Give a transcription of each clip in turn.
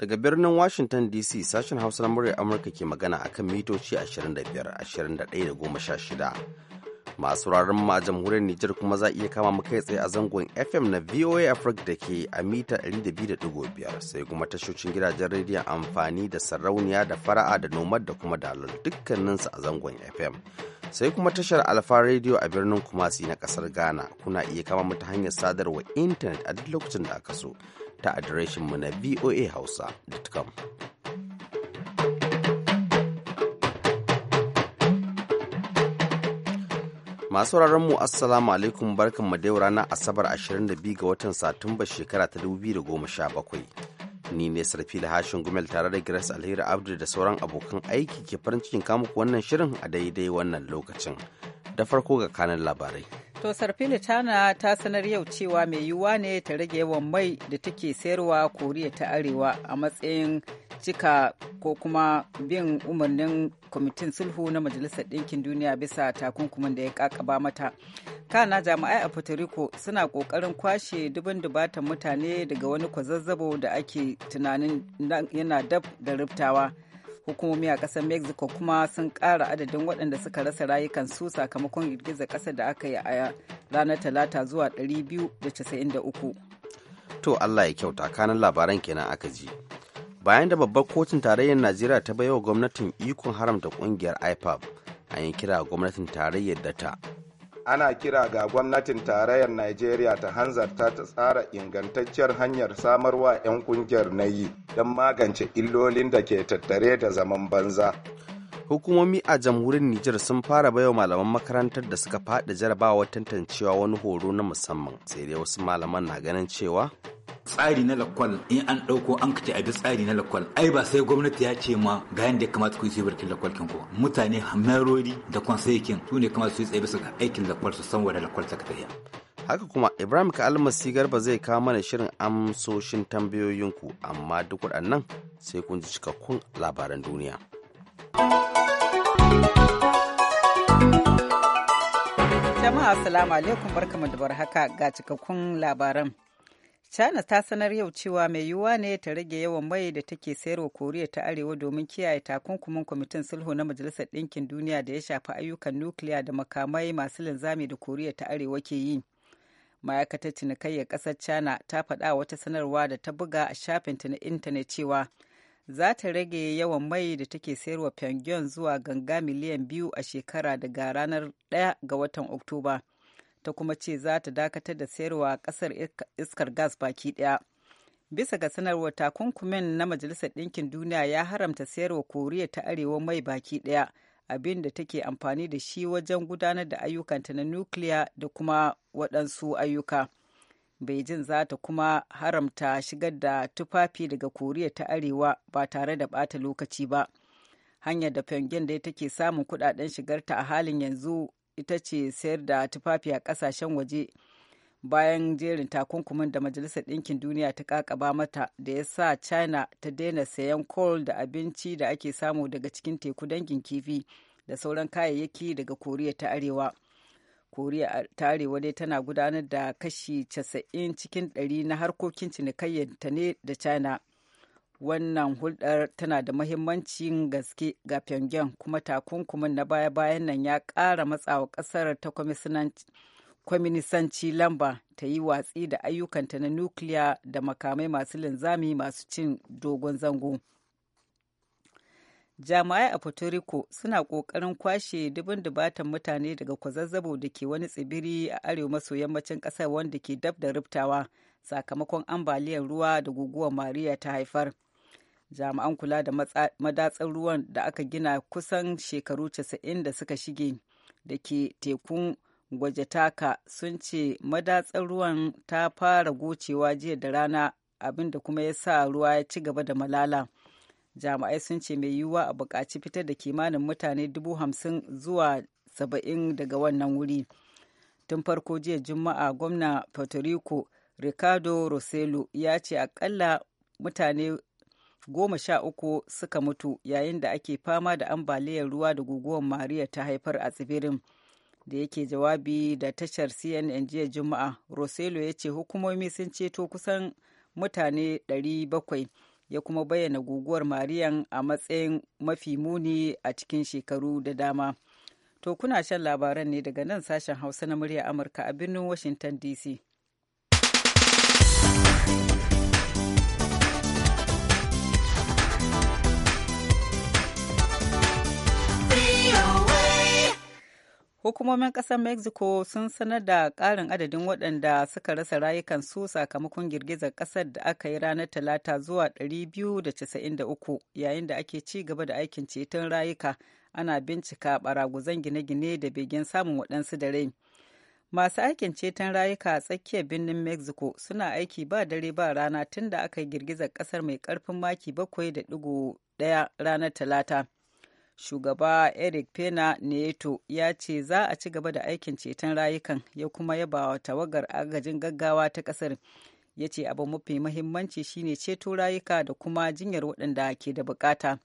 Daga birnin Washington DC sashen Hausa na muryar Amurka ke magana a kan mitoci 25, 21 da shida Masu rarin ma a jamhuriyar Nijar kuma za iya kama mu kai tsaye a zangon FM na VOA Africa da ke a mita 200.5 sai kuma tashocin gidajen rediyon amfani da sarauniya da fara'a da nomad da kuma dalol dukkaninsu a zangon FM. sai kuma tashar alfa radio a birnin kumasi na kasar ghana kuna iya kama mata hanyar sadarwa intanet a duk lokacin da aka so ta adireshinmu na voa hausa.com. Masu mu Assalamu alaikum barkan da yau ranar Asabar 22 ga watan Satumba shekara ta 2017. Ni ne Sarfi Hashin Gumel tare da Grace Alheri Abdu da sauran abokan aiki ke farin cikin kamuku wannan shirin a daidai wannan lokacin. Da farko ga kanan labarai. To Sarfili Tana ta sanar yau cewa mai yiwuwa ne ta rage yawan mai da take sayarwa Koriya ta Arewa a matsayin cika ko kuma bin umarnin kwamitin sulhu na Majalisar Ɗinkin Duniya bisa takunkumin da ya kakaba mata. Kana jami'ai a Puerto Rico suna ƙoƙarin kwashe dubin dubatan mutane daga wani kwazazzabo da ake tunanin yana dab da riftawa. hukumomi a ƙasar mexico kuma sun ƙara adadin waɗanda suka rasa rayukansu sakamakon girgizar ƙasar da aka yi a ranar talata zuwa 293 to allah ya kyauta kanan labaran kenan aka ji bayan da babbar kotun tarayyar najeriya ta baiwa gwamnatin ikon haramta kungiyar ipab an yi kira gwamnatin tarayyar da ta ana kira ga gwamnatin tarayyar najeriya ta hanzarta ta tsara ingantacciyar hanyar samarwa 'yan kungiyar na yi don magance illolin da ke tattare da zaman banza hukumomi a jamhuriyar Nijar sun fara baiwa malaman makarantar da suka faɗi jarabawa tantancewa wani horo na musamman sai dai wasu malaman na ganin cewa tsari na lakwal in an ɗauko an kace a bi tsari na lakwal ai ba sai gwamnati ya ce ma ga yanda ya kamata ku yi barkin lakwal kin ko mutane hamarori da kwansayikin su ne kamata su yi tsaye bisa ga aikin lakwal su san wani lakwal ta tafiya haka kuma ibrahim ka almasi garba zai kawo mana shirin amsoshin tambayoyinku amma duk waɗannan sai kun ji cikakkun labaran duniya jama'a assalamu alaikum barkamu da haka ga cikakkun labaran China ta sanar yau cewa mai yiwuwa ne ta rage yawan mai da take sayarwa Koriya ta Arewa domin kiyaye takunkumin kwamitin sulhu na Majalisar Ɗinkin Duniya da ya shafi ayyukan nukiliya da makamai masu linzami da Koriya ta Arewa ke yi. Ma'aikatar cinikayyar ƙasar China ta faɗa wata sanarwa da ta buga a shafinta na intanet cewa za ta rage yawan mai da take sayarwa Pyongyang zuwa ganga miliyan biyu a shekara daga ranar 1 ga watan Oktoba. ta kuma ce za ta dakatar da sayarwa kasar iskar gas baki daya bisa ga sanarwar takunkumin na majalisar ɗinkin duniya ya haramta sayarwa koriya ta arewa mai baki daya abin da take amfani da shi wajen gudanar da ayyukanta na nukiliya da kuma waɗansu ayyuka beijing za ta kuma haramta shigar da tufafi daga koriya ta arewa ba tare da bata lokaci ba hanyar da pyongyang da take samun kudaden shigarta a halin yanzu ita ce sayar da tufafi a kasashen waje bayan jerin takunkumin da majalisar ɗinkin duniya ta kakaba mata da ya sa china ta daina sayan coal da abinci da ake samu daga cikin teku dangin kifi da sauran kayayyaki daga koriya ta arewa koriya ta arewa ne tana gudanar da kashi 90 cikin 100 na harkokin cinikayyar ta ne da china wannan hulɗar tana da mahimmancin gaske ga pyongyang kuma takunkumin na baya-bayan nan ya ƙara matsawa ƙasar ta kwaminisanci lamba ta yi watsi da ayyukanta na nukiliya da makamai masu linzami masu cin dogon zango jami'ai a puerto rico suna ƙoƙarin kwashe dubin dubatan mutane daga kwazazzabo da ke wani tsibiri a arewa maso yammacin ƙasar wanda ke dab da riftawa sakamakon ambaliyar ruwa da guguwar mariya ta haifar jami'an kula da madatsar ruwan da aka gina kusan shekaru 90 da suka shige da ke tekun gwajetaka sun ce madatsar ruwan ta fara gocewa jiya da rana abinda kuma ya sa ruwa ya ci gaba da malala jami'ai sun ce mai yiwuwa a buƙaci fitar da kimanin mutane dubu hamsin zuwa saba'in daga wannan wuri tun farko jiya juma'a gwamna puerto rico ricardo roselo ya ce akalla mutane goma sha uku suka mutu yayin da ake fama da ambaliyar ruwa da guguwar Mariya ta haifar a tsibirin. Da yake jawabi da tashar CNN jiya Juma'a, Roselo ya ce hukumomi sun ceto kusan mutane 700 ya kuma bayyana guguwar Mariyan a matsayin mafi muni a cikin shekaru da dama. To kuna shan labaran ne daga nan sashen Hausa na murya Amurka a birnin Washington DC. Hukumomin ƙasar Mexico sun sanar da ƙarin adadin waɗanda suka rasa rayukansu sakamakon girgizar ƙasar da aka yi ranar Talata zuwa 293 yayin da ake ci gaba da aikin ceton rayuka ana bincika baraguzan gine-gine da begen samun waɗansu da rai. Masu aikin ceton rayuka a tsakiyar birnin Mexico suna aiki ba dare ba rana tun da aka yi girgizar ƙasar mai ƙarfin maki bakwai da 7.1 ranar Talata. shugaba eric pena neto ya ce za a ci gaba da aikin ceton rayukan ya kuma yaba wa tawagar agajin gaggawa ta kasar ya ce abu mafi mahimmanci shine ceto rayuka da kuma jinyar waɗanda ke da bukata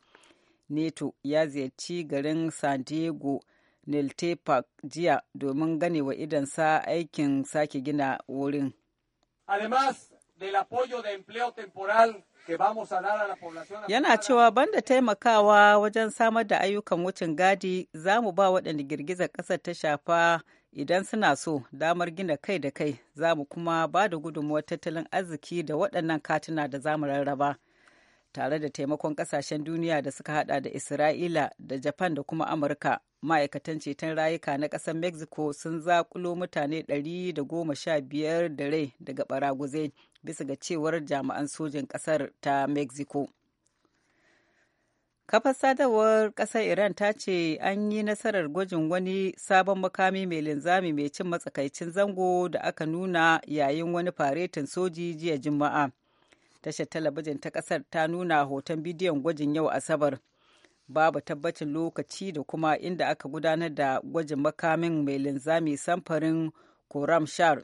neto ya ziyarci garin san diego nelte park jiya domin ganewa idansa aikin sake gina wurin además del apoyo de empleo temporal Yana cewa banda taimakawa wajen samar da ayyukan wucin gadi za mu ba waɗanda girgizar ƙasar ta shafa idan suna so damar gina kai da kai za mu kuma ba da gudunmuwar tattalin arziki da waɗannan katuna da za mu rarraba. tare da taimakon kasashen duniya da suka hada da Isra'ila da Japan da kuma Amurka. Ma'aikatan ceton rayuka na ƙasar Mexico sun zakulo mutane 115 da rai daga baraguze bisa ga cewar jami'an sojin ƙasar ta Mexico. Kafar sadarwar ƙasar Iran ta ce an yi nasarar gwajin wani sabon makami mai linzami mai cin matsakaicin zango da aka nuna yayin wani faretin soji jiya Juma'a. tashar talabijin ta kasar ta nuna hoton bidiyon gwajin yau asabar babu tabbacin lokaci da kuma inda aka gudanar da gwajin makamin mai linzami samfarin koram shar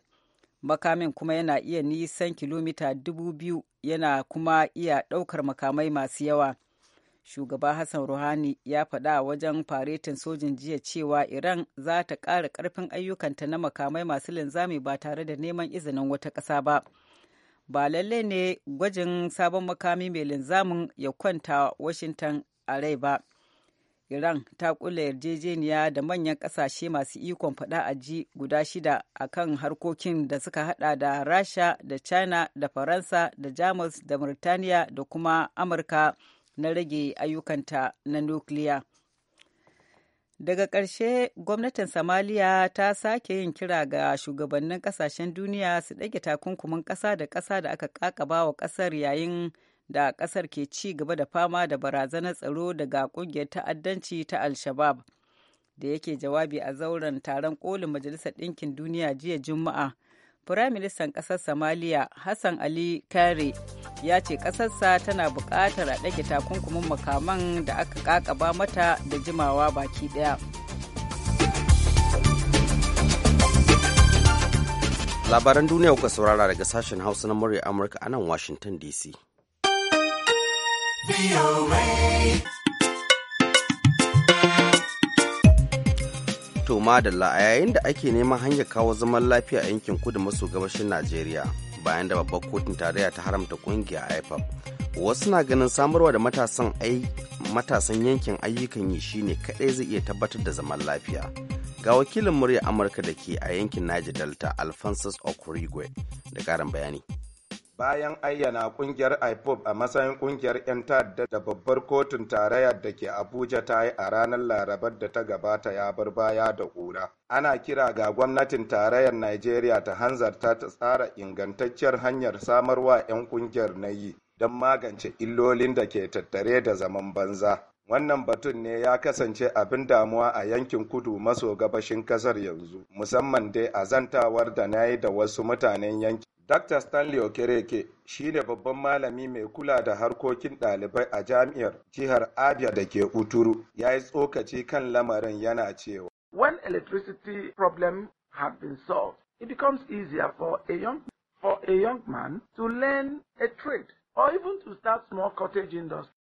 makamin kuma yana iya nisan kilomita dubu biyu yana kuma iya ɗaukar makamai masu yawa shugaba hassan ruhani ya faɗa wajen faretin sojin jiya cewa iran za ta ƙara karfin ayyukanta na makamai masu linzami ba tare da neman izinin wata ƙasa ba. ba lalle ne gwajin sabon makami mai linzamin ya kwanta washington a rai ba iran ta kula yarjejeniya da manyan kasashe masu ikon fada a ji guda shida akan harkokin da suka hada da rasha da china da faransa da jamus da murtaniya da kuma amurka na rage ayyukanta na nukiliya daga ƙarshe gwamnatin somaliya ta sake yin kira ga shugabannin ƙasashen duniya su ɗage takunkumin ƙasa da ƙasa da aka ƙaƙaba wa ƙasar yayin da ƙasar ke ci gaba da fama da barazanar tsaro daga ƙungiyar ta'addanci ta al-shabab da yake jawabi a zauren taron ƙolin majalisar ɗinkin duniya jiya juma'a Firaministan ƙasar Somaliya Hassan Ali Kare ya ce ƙasarsa tana buƙatar a ɗage takunkumin makaman da aka ƙaƙaba mata da jimawa baki ɗaya. Labaran duniya kuka saurara daga sashen Hausa na murya Amurka a nan Washington DC. To madalla a yayin da ake neman hanyar kawo zaman lafiya a yankin kudu maso gabashin Najeriya bayan da babbar kotun tarayya ta haramta kungiya ipap Wasu na ganin samarwa da matasan matasan yankin ayyukan yi shine kadai zai iya tabbatar da zaman lafiya. Ga wakilin murya Amurka da ke a yankin Niger Delta Alphonsus Okurigwe da karin bayani. bayan ayyana kungiyar ipob a matsayin kungiyar 'yan ta'adda da babbar kotun tarayyar da ke abuja ta yi a ranar larabar da ta gabata ya bar baya da ƙura ana kira ga gwamnatin tarayyar najeriya ta hanzarta ta tsara ingantacciyar hanyar samarwa 'yan kungiyar na yi don magance illolin da ke tattare da zaman banza wannan batun ne ya kasance abin damuwa a yankin kudu maso gabashin kasar yanzu musamman dai a zantawar da na yi da wasu mutanen yanki. Dr. Stanley Okereke shi ne babban malami mai kula da harkokin ɗalibai a jami'ar jihar Abia da ke Uturu ya yi tsokaci kan lamarin yana cewa. When electricity problem have been solved, it becomes easier for a young, for a young man to learn a trade or even to start small cottage industry.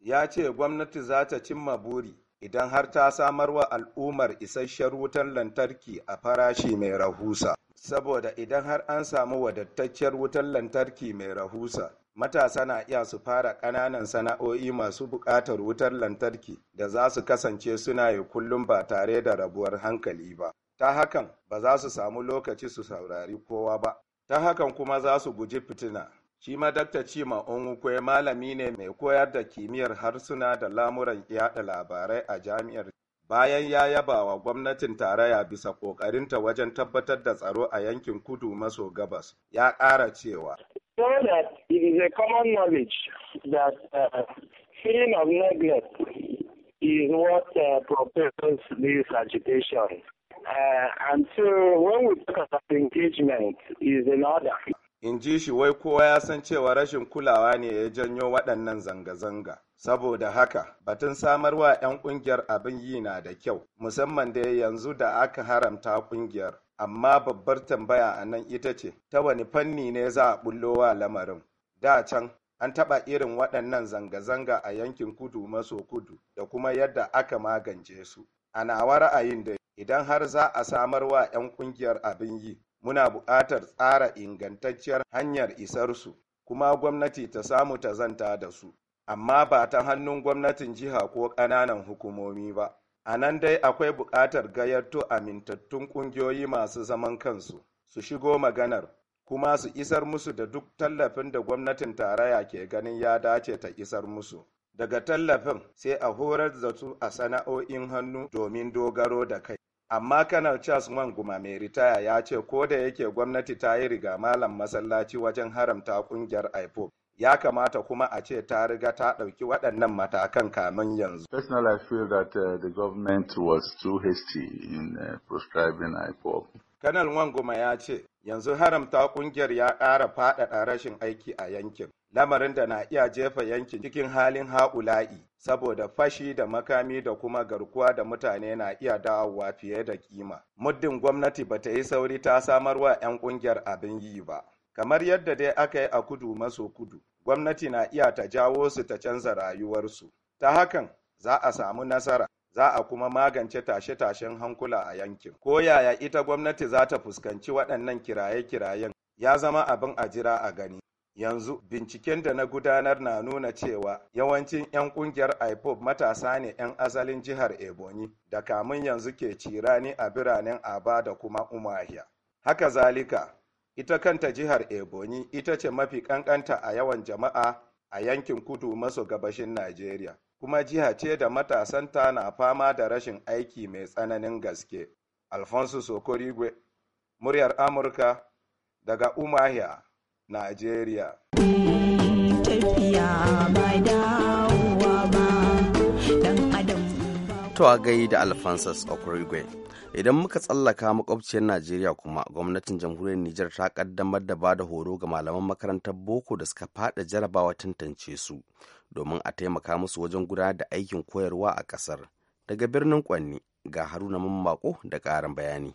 Ya ce gwamnati za ta cimma buri idan har ta samar wa al'ummar isasshen wutar lantarki a farashi mai rahusa. saboda idan har an samu wadataccen wutar lantarki mai rahusa matasa na iya su fara ƙananan sana'o'i masu buƙatar wutar lantarki da za su kasance suna yi kullum ba tare da rabuwar hankali ba ta hakan ba za su samu lokaci su saurari kowa ba ta hakan kuma za su guji fitina shi ma dakta onwukwe malami ne mai koyar da kimiyyar harsuna da lamuran yada labarai a jami'ar bayan ya yaba wa gwamnatin tarayya bisa ƙoƙarinta wajen tabbatar da tsaro a yankin kudu maso gabas ya ƙara cewa so that it is common knowledge that uh, of is what uh, propels this agitation. Uh, and so when we talk about engagement is in order. in ji shi wai kowa ya san cewa rashin kulawa ne ya janyo waɗannan zanga-zanga saboda haka batun samarwa 'yan ƙungiyar abin yi na da kyau musamman da yanzu da aka haramta ƙungiyar amma babbar tambaya a nan ita ce ta wani fanni ne za a wa lamarin da can an taɓa irin waɗannan zanga-zanga a yankin kudu maso kudu da kuma yadda aka magance su a nawa ra'ayin da idan har za a samar wa 'yan ƙungiyar abin yi Muna buƙatar tsara ingantacciyar hanyar isarsu, kuma gwamnati ta samu ta zanta da su, amma ba ta hannun gwamnatin jiha ko ƙananan hukumomi ba. A nan dai akwai buƙatar gayyato amintattun ƙungiyoyi masu zaman kansu su shigo maganar, kuma su isar musu da duk tallafin da gwamnatin tarayya ke ganin ya dace ta isar musu. Daga tallafin sai a horar da su a sana'o'in hannu domin dogaro da kai. amma kanar charles wanguma mai ritaya ya ce ko da yake gwamnati ta yi riga malam masallaci wajen haramta kungiyar ipob ya kamata kuma a ce ta riga ta ɗauki waɗannan matakan kamun yanzu. Personal, I feel that uh, the government was too hasty in uh, Kanal Wanguma ya ce, yanzu haramta ƙungiyar ya ƙara faɗaɗa rashin aiki a yankin, lamarin da na iya jefa yankin cikin halin ha'ula'i saboda fashi da makami da kuma garkuwa da mutane na iya dawowa fiye da kima. Muddin gwamnati ba ta yi sauri ta samar wa 'yan ƙungiyar abin yi ba. Kamar yadda dai aka yi a kudu maso kudu, gwamnati na iya ta jawo su ta canza rayuwarsu. Ta hakan za a samu nasara. Za a kuma magance tashe-tashen hankula a yankin. Ko yaya ita gwamnati za ta fuskanci waɗannan kiraye-kirayen ya zama abin a jira a gani. Yanzu binciken da na gudanar na nuna cewa yawancin 'yan kungiyar IPOB matasa ne 'yan asalin jihar Ebonyi da kamun yanzu ke cira cirani a biranen Aba da kuma Umahia. Haka zalika, ita kanta jihar Ebonyi ita ce mafi kankanta a yawan jama'a a yankin kudu maso gabashin Najeriya, kuma jiha ce da matasanta na fama da rashin aiki mai tsananin gaske. Alfonso Sokorigwe, muryar Amurka daga Umahia. Najeriya. To a gai da Alphonsus Okorigwe. Idan muka tsallaka makwabciyar Najeriya kuma gwamnatin jamhuriyar Nijar ta kaddamar da bada horo ga malaman makarantar boko da suka fada jarabawa tantance su domin a taimaka musu wajen gudanar da aikin koyarwa a ƙasar Daga birnin Kwanni ga Haruna Mammako da ƙarin bayani.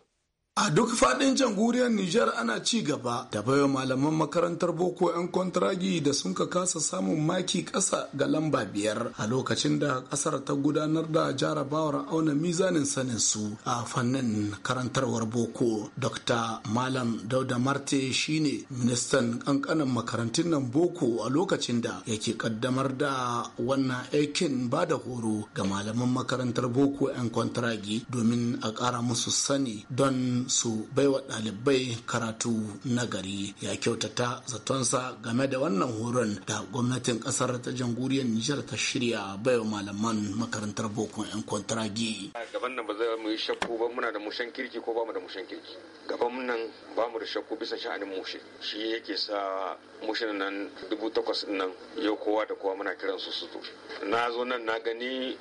A duk faɗin jamhuriyar Nijar ana ci gaba da baiwa malaman makarantar boko 'yan kwantaragi da sun ka kasa samun maki ƙasa ga lamba biyar a lokacin da ƙasar ta gudanar da jarabawar auna mizanin sanin su a fannin karantarwar boko. Dr. Malam Dauda Marte shine ministan ƙanƙanin makarantun nan boko a lokacin da yake ƙaddamar da wannan aikin ba da horo ga malaman makarantar boko 'yan kwantaragi domin a ƙara musu sani don su baiwa ɗalibai karatu na gari ya kyautata zatonsa game da wannan horon da gwamnatin ƙasar ta jamhuriyar nijar ta shirya baiwa malaman makarantar boko 'yan kwantaragi gaban nan ba za mu yi shakku ba muna da mushen kirki ko ba mu da mushen kirki gaban nan ba mu da shakku bisa sha'anin mushe shi yake sa mushin nan dubu takwas nan yau kowa da kowa muna kiran su su na zo nan na gani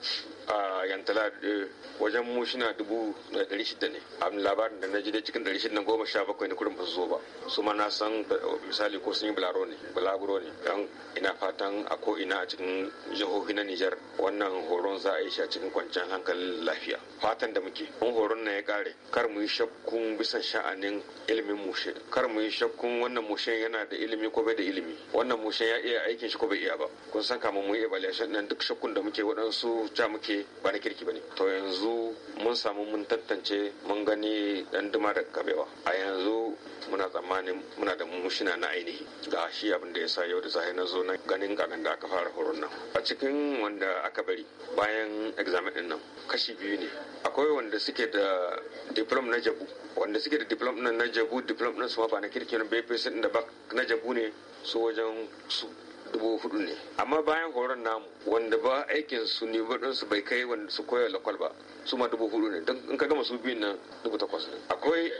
a yantala eh, wajen mu shina dubu da eh, dari shida ne a labarin da na ji da cikin dari shida goma sha bakwai ne kudin ba su zo ba su ma na san eh, misali ko sun yi bularo ne bulaguro ne don ina fatan a ko ina a cikin jihohi na nijar wannan horon za a yi shi a cikin kwanciyar hankalin lafiya fatan da muke Mun horon na ya kare kar mu yi shakkun bisa sha'anin ilimin mushe kar mu yi shakkun wannan mushen yana da ilimi ko bai da ilimi wannan mushen ya iya aikin shi ko bai iya ba kun san kamar mu yi evaluation nan duk shakkun da muke waɗansu ta muke kirki ba kirki ba to yanzu mun samu mun tantance mun gani dan duma da kabewa a yanzu muna tsammanin muna da mushina na ainihi ga shi abin da ya sa yau da sahi na zo na ganin kanan da aka fara horon nan a cikin wanda aka bari bayan examen din nan kashi biyu ne akwai wanda suke da diploma na jabu wanda suke da diploma na jabu diploma na su ba na kirki na bpc din da na jabu ne su wajen su dubu hudu ne amma bayan horon namu wanda ba aikin su ne su bai kai wanda su koya lakwal ba su ma dubu hudu ne don in ka gama su biyun nan dubu takwas ne akwai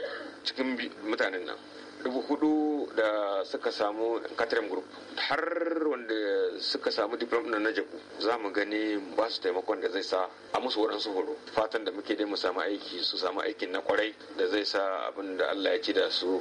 cikin mutanen nan dubu hudu da suka samu katrem group har wanda suka samu diplom na najabu za mu gani ba su taimakon da zai sa a musu waɗansu horo fatan da muke dai mu samu aiki su samu aikin na kwarai da zai sa abin da allah ya ci da su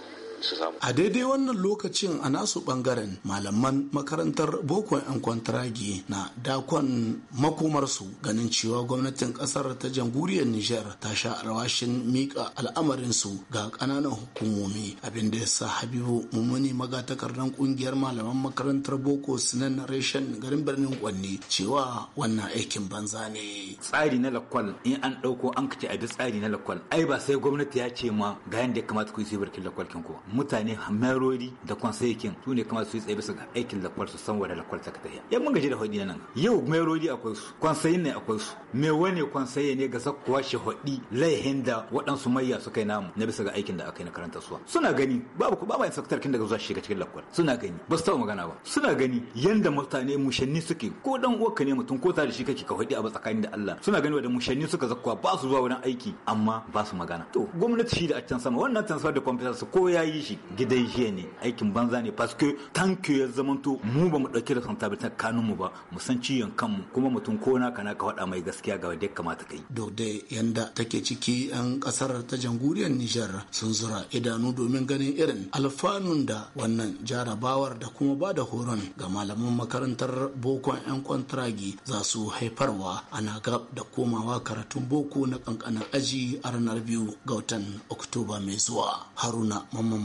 A daidai wannan lokacin a nasu bangaren malaman makarantar boko yan kwantaragi na dakon makomarsu ganin cewa gwamnatin kasar ta jamhuriyar Nijar ta sha rawashin mika al'amarinsu ga kananan hukumomi abin ya sa Habibu Mumuni magatakardan kungiyar malaman makarantar boko sinan reshen garin birnin Kwanni cewa wannan aikin banza ne. Tsari na lakwal in an ɗauko an kace a bi tsari na lakwal ai ba sai gwamnati ya ce ma ga yadda ya kamata ku yi sai barkin lakwal kin mutane merori da kwansaikin su ne kamar su yi tsaye bisa ga aikin lakwar su san wadda lakwar ta ka tafiya yan mun gaji da hudi nan yau merori akwai su kwansayin ne akwai su me wani kwansaye ne ga sakkuwa shi hudi laihin da waɗansu mayya su kai namu na bisa ga aikin da aka yi na karanta suwa suna gani babu ku babu inspector kin daga zuwa shiga cikin lakwar suna gani ba su taɓa magana ba suna gani yanda mutane mushanni suke ko dan uwarka ne mutum ko ta da shi kake ka hudi a tsakanin da Allah suna gani wadda mushanni suka zakkuwa ba su zuwa wurin aiki amma ba su magana to gwamnati shi da a can sama wannan tansar da kwamfuta su ko yayi yi shi gidan jiya ne aikin banza ne parce que ya zamanto mu ba mu dauki responsibility kanunmu ba mu san ciyon kanmu kuma mutum ko kana ka faɗa mai gaskiya ga wanda ya kamata kai duk da yanda take ciki yan kasar ta jamhuriyar Nijar sun zura idanu domin ganin irin alfanun da wannan jarabawar da kuma ba da horon ga malaman makarantar bokon yan kwantragi za su haifarwa ana gab da komawa karatun boko na kankanin aji a ranar biyu ga watan oktoba mai zuwa haruna mamman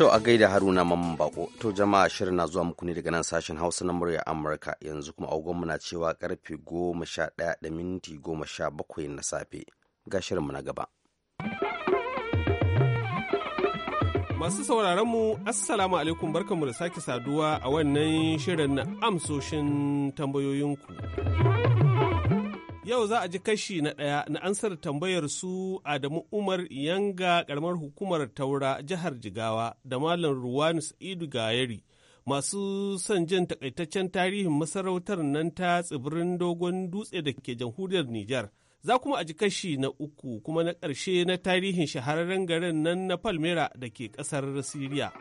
To a gaida Haruna Mamman Bako, to jama'a shirin na zuwa muku ne daga nan sashen Hausa na murya Amurka yanzu kuma agogon na cewa karfe goma sha ɗaya da minti goma sha bakwai na safe ga shirinmu na gaba. Masu sauraron mu Assalamu alaikum barkanmu da sake saduwa a wannan shirin na amsoshin tambayoyinku. Yau za a ji kashi na ɗaya na ansar tambayar su Adamu Umar Yanga karamar hukumar Taura jihar Jigawa da Malam Ruwanus Idu Gayari masu son jin takaitaccen tarihin masarautar nan ta tsibirin dogon dutse da ke jamhuriyar Nijar. Za kuma a ji kashi na uku kuma na ƙarshe na tarihin shahararren garin nan na Palmera da ke ƙasar Siriya.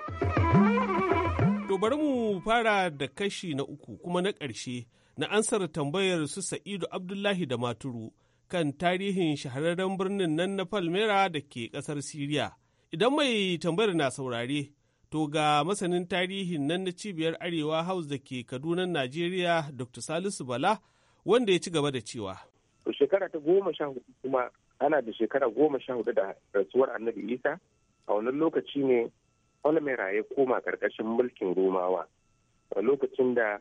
To bari mu fara da kashi na uku kuma na ƙarshe na ansar tambayar su Sa'idu Abdullahi da Maturu kan tarihin shahararren birnin nan na palmera da ke kasar Siriya. Idan mai tambayar na saurare, to ga masanin tarihin nan na cibiyar Arewa House da ke Kaduna, Najeriya, Dr. Salisu Bala, wanda ya ci gaba da cewa. Shekara ta goma sha hudu kuma ana da shekara goma sha hudu da rasuwar Annabi Isa, a wannan lokaci ne palmera ya koma karkashin mulkin Romawa. A lokacin da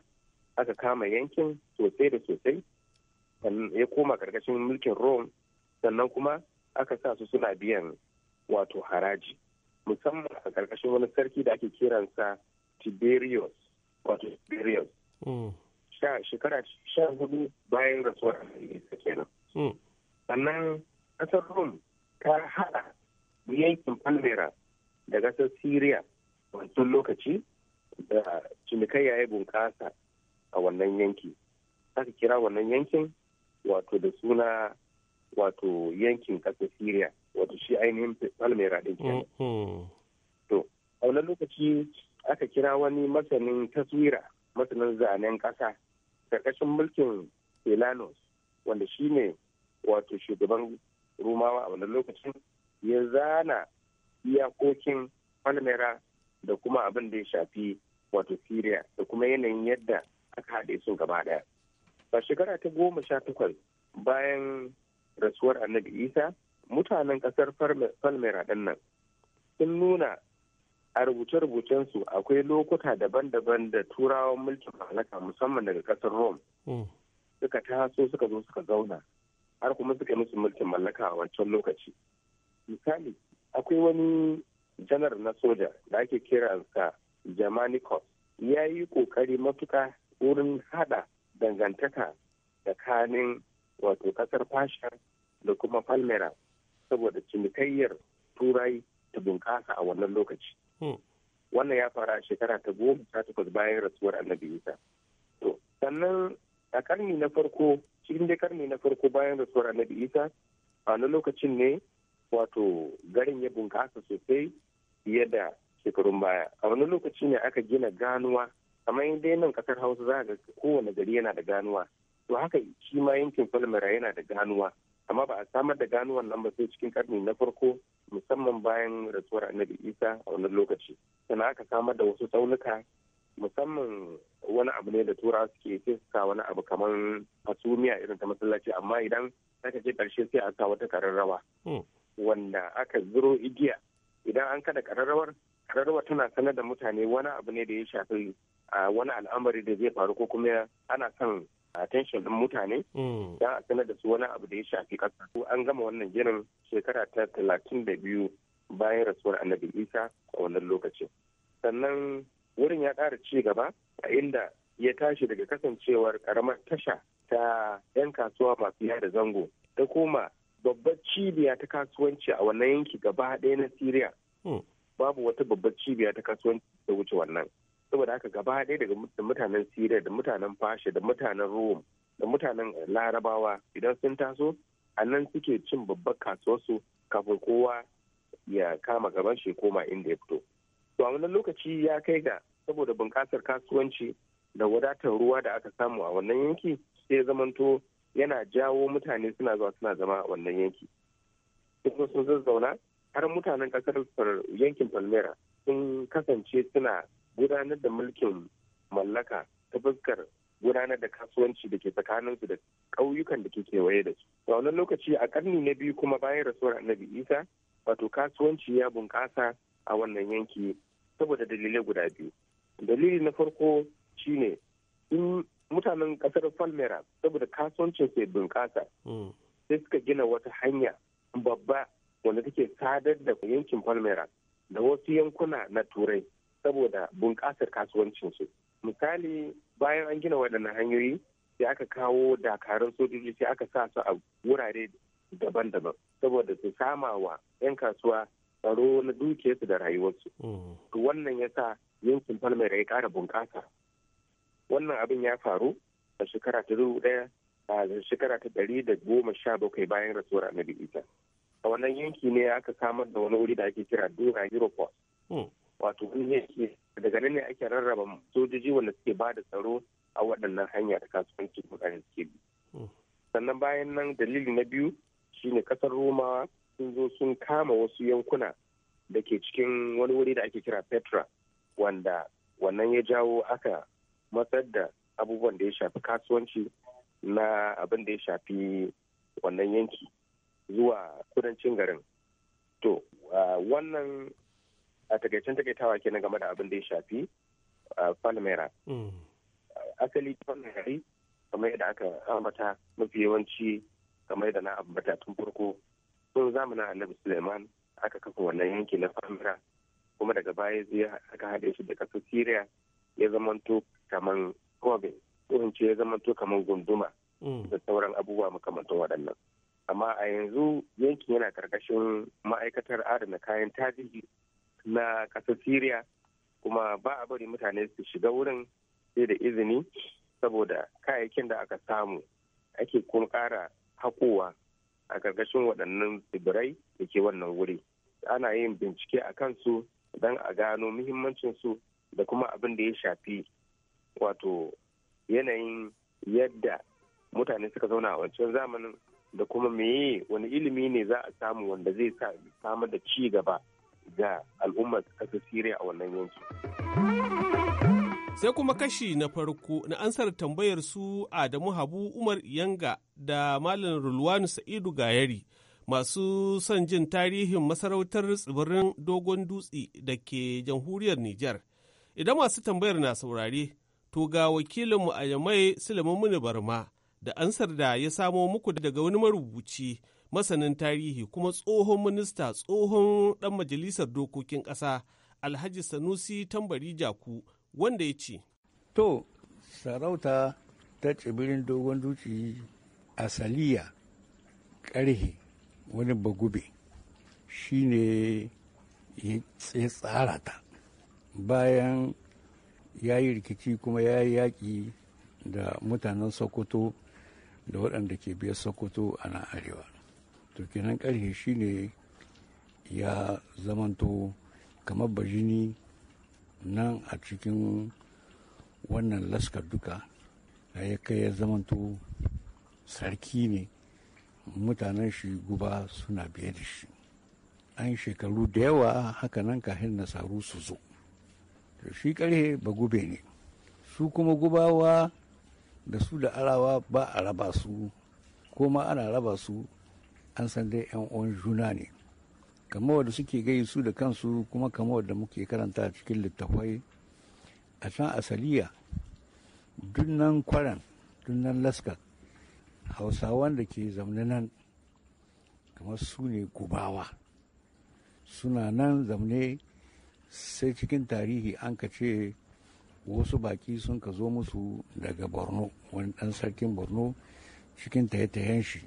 aka kama yankin sosai da sosai ya koma karkashin mulkin rome sannan kuma aka sa su suna biyan wato haraji musamman a karkashin wani sarki da ake kiransa tiberius wato tiberius hmm. shekara sha hudu bayan rasuwar isa kenan hmm. sannan kasar rome ta hada yankin palmera da kasar syria wancan lokaci da cinikayya ya bunƙasa a wannan yanki aka kira wannan yankin wato da suna wato yankin ƙasar syria wato shi ainihin palmera ɗin ke mm-hmm. to a wannan lokaci aka kira wani masanin taswira masanin zanen ƙasa karkashin mulkin Felanos wanda shi ne wato shugaban rumawa a wannan lokacin ya zana iyakokin palmera da kuma abin da ya shafi wato syria da kuma yanayin yadda aka haɗe su gaba ɗaya a shekara ta goma sha takwas bayan rasuwar annabi isa mutanen ƙasar Falmera ɗin nan sun nuna a rubuce-rubucensu akwai lokuta daban-daban da turawan mulkin mallaka musamman daga ƙasar rome hmm. suka taso suka zo suka zauna har kuma suka musu mulkin mallaka a wancan lokaci misali akwai wani janar na soja da ake sa germanicus. ya yi kokari matuka wurin hada dangantaka tsakanin wato kasar fasha da kuma palmera saboda cinikayyar turai ta bunƙasa a wannan lokaci hmm. wannan ya fara a shekara ta goma sha takwas bayan rasuwar annabi isa to sannan a karni na farko cikin dai karni na farko bayan rasuwar annabi isa a wani lokacin ne wato garin ya bunƙasa sosai fiye da shekarun baya a wani lokaci ne aka gina ganuwa kamar in dai nan kasar hausa za ga kowane gari yana da ganuwa to haka shi ma yankin falmira yana da ganuwa amma ba a samar da ganuwan nan ba sai cikin karni na farko musamman bayan rasuwar annabi isa a wani lokaci sannan aka samar da wasu tsaunuka musamman wani abu ne da turawa suke fiska wani abu kamar hasumiya irin ta masallaci amma idan aka je karshe sai a sa wata kararrawa hmm. wanda aka zuro igiya idan an kada kararrawar kararrawar tana sanar da mutane wani abu ne da ya shafi A wani al'amari da zai faru ko kuma ana son attention din mutane mm. don a sanar da su wani abu da ya shafi ƙasa. An gama wannan ginin shekara ta talatin da biyu bayan rasuwar annabi Isa a wannan lokacin. Sannan wurin ya ƙara ci gaba a inda ya tashi daga kasancewar ƙaramar tasha ta 'yan kasuwa masu yada zango ta koma babbar cibiya ta kasuwanci a wannan yanki gaba ɗaya na Siriya. Mm. Babu wata babbar cibiya ta kasuwanci ta wuce wannan. saboda haka gaba ɗaya daga mutanen siriya da mutanen fashe da mutanen rome da mutanen eh, larabawa idan sun taso a nan suke cin babbar kasuwarsu kafin kowa ya kama gaban shi koma inda ya fito to a wannan lokaci ya kai ga saboda bunƙasar kasuwanci da wadatar ruwa da aka samu a wannan yanki sai zamanto yana jawo mutane suna zuwa suna zama a wannan yanki sun sun zazzauna har mutanen ƙasar yankin palmera sun kasance suna gudanar da mulkin mallaka ta fuskar gudanar da kasuwanci da ke tsakaninsu da ƙauyukan da ke kewaye da su. A wannan lokaci a karni na biyu kuma bayan rasuwar annabi Isa wato kasuwanci ya bunƙasa a wannan yanki saboda dalilai guda biyu. Dalili na farko shine in mutanen ƙasar Falmera saboda kasuwancin sai bunƙasa hmm. sai suka gina wata hanya babba wanda take sadar da yankin Falmera da wasu yankuna na Turai saboda bunƙasar kasuwancinsu misali bayan an gina waɗannan hanyoyi sai aka kawo dakarun sojoji sai aka sa su a wurare daban-daban saboda su sama wa 'yan kasuwa tsaro na dukiyarsu da rayuwarsu mm. to wannan ya sa yankin da ya ƙara bunƙasa wannan abin ya faru a shekara ta dubu ɗaya a shekara ta ɗari da goma sha bakwai bayan rasuwar annabi isa a wannan yanki ne aka samar da wani wuri da ake kira dora europe mm. wato ne daga nan ne ake rarraba sojoji wanda suke ba da tsaro a waɗannan hanya da kasuwanci mutane suke bi hmm. sannan bayan nan dalili na biyu shine ƙasar romawa sun zo sun kama wasu yankuna da ke cikin wani wuri da ake kira petra wanda wannan ya jawo aka matsar da abubuwan da ya shafi kasuwanci na abin da ya shafi wannan yanki zuwa kudancin garin to wannan a takaicin takaitawa kenan game da abin da ya shafi palmera mm. asali palmera kamar yadda aka ambata mafi yawanci kamar yadda na ambata tun farko sun zamanin annabi suleiman aka kafa wannan yanki na palmera kuma daga baya zai aka haɗe shi da ƙasar syria ya to kamar kobe ko ya to kamar gunduma mm. da sauran abubuwa makamantan waɗannan amma a yanzu yankin yana karkashin ma'aikatar adana kayan tarihi na ƙasar Siriya kuma ba a bari mutane su shiga wurin sai da izini saboda kayayyakin da aka samu ake kuma ƙara hakowa a ƙarƙashin waɗannan tsibirai da ke wannan wuri ana yin bincike a kansu don a gano muhimmancinsu da kuma abin da ya shafi wato yanayin yadda mutane suka zauna a wancan zamanin da kuma meye wani ilimi ne za a samu wanda zai samar da ci gaba ga al'ummar ƙasar Siriya a wannan yanki. Sai kuma kashi na farko na ansar tambayar su Adamu Habu Umar Yanga da Malam Rulwanu Sa'idu Gayari masu son jin tarihin masarautar tsibirin Dogon Dutse da ke jamhuriyar Nijar. Idan masu tambayar na saurare, to ga wakilinmu a Yamai Sulaiman Muni Barma da ansar da ya samo muku daga wani marubuci masanin tarihi kuma tsohon minista tsohon dan majalisar dokokin ƙasa alhaji sanusi tambari jaku wanda ya ce to sarauta ta tsibirin dogon duci asaliya ƙarhe wani bagube ne ya tsara ta bayan ya yi rikici kuma ya yi yaƙi da mutanen sokoto da waɗanda ke biyar sokoto a arewa to kenan shine ya zamanto kamar bajini nan a cikin wannan laskar duka da ya kai ya zamanto sarki ne mutanen shi guba suna biye da shi an shekaru da yawa haka nan kahin nasaru su zo to shi karhe ba gube ne su kuma gubawa da su da arawa ba a raba su ko ana raba su an san dai yan uwan juna ne kamar wadda suke gai su da kansu kuma kamar wadda muke karanta cikin littafai a can asaliya dunnan kwaran dunnan laska hausawan da ke zaune nan kamar su ne gubawa suna nan zamne sai cikin tarihi an ka ce wasu baki sun ka zo musu daga borno wani dan sarkin borno cikin taye-tayen shi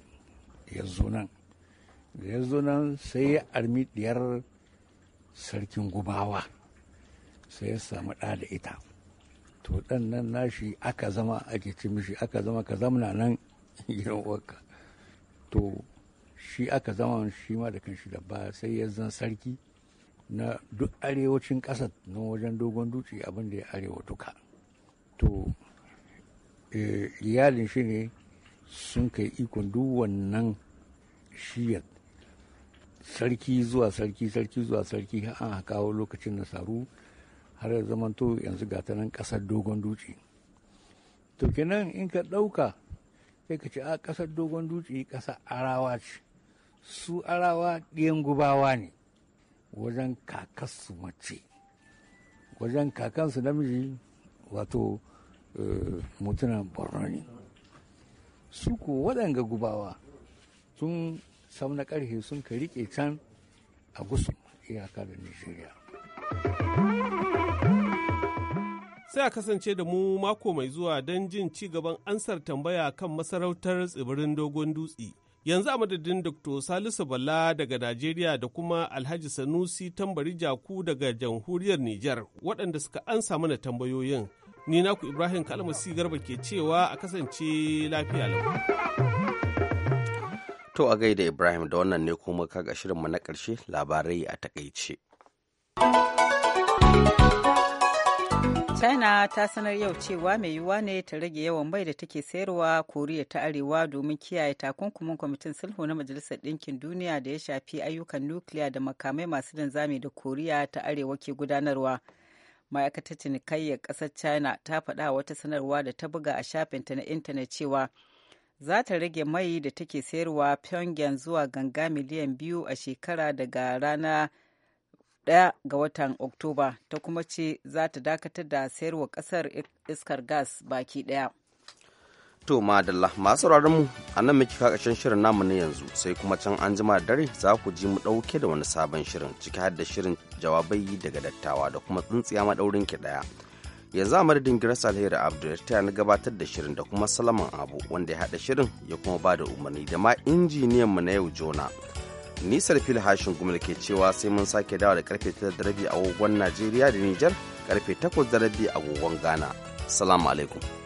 ya zo nan da ya nan sai ya armi diyar sarkin gubawa sai ya samu ɗa da ita to ɗan nan nashi aka zama ake ci mishi aka zama ka zamna nan gidan uwarka to shi aka zama shi ma da kanshi da ba sai ya zan sarki na duk arewacin ƙasar na wajen dogon dutse abin da ya arewa duka to eh, iyalin shi ne sun kai ikon duk wannan shiyar sarki zuwa sarki sarki zuwa sarki an kawo lokacin nasaru har ya zamanto yanzu gata nan kasar dogon dutse to kenan in ka ɗauka sai ka ce a kasar dogon dutse kasar arawa ce su arawa ɗiyan gubawa ne wajen kakansu mace wajen kakansu namiji wato eh, mutunan borno ne su ko waɗanga gubawa sun sam na ƙarfe sun ka riƙe can a gusu iyaka da nigeria sai a kasance da mu mako mai zuwa don jin ci gaban ansar tambaya kan masarautar tsibirin dogon dutse yanzu a madadin dr salisu bala daga najeriya da kuma alhaji sanusi tambari jaku daga jamhuriyar niger waɗanda suka ansa mana tambayoyin Ni naku Ibrahim Kalmasi Garba ke cewa a kasance lafiya lau. To a gaida Ibrahim da wannan ne kuma kaga shirinmu na karshe labarai a takaice. china ta sanar yau cewa mai yiwuwa ne ta rage yawan mai da take sayarwa koriya ta arewa domin kiyaye takunkumin kwamitin sulhu na majalisar ɗinkin duniya da ya shafi ayyukan nukiliya da makamai masu linzami da koriya ta arewa ke gudanarwa ma'aikatar cinikayyar ƙasar china ta faɗa wata sanarwa da ta buga a shafinta na intanet cewa za ta rage mai da take sayarwa pyongyang zuwa ganga miliyan biyu a shekara daga rana ɗaya ga watan oktoba ta kuma ce za ta dakatar da sayarwa ƙasar iskar gas baki ɗaya To madalla masu mu a nan muke shirin namu na yanzu sai kuma can an jima da dare za ku ji mu ɗauke da wani sabon shirin ciki har da shirin jawabai daga dattawa da kuma tsintsiya maɗaurin ki ɗaya. Yanzu a madadin Giras Alheri Abdul ta na gabatar da shirin da kuma Salaman Abu wanda ya haɗa shirin ya kuma ba da umarni da ma injiniyan mu na yau Jona. Nisar fil hashin gumal ke cewa sai mun sake dawa da karfe 9 da rabi agogon Najeriya da Nijar karfe 8 da rabi agogon Ghana. Salamu alaikum.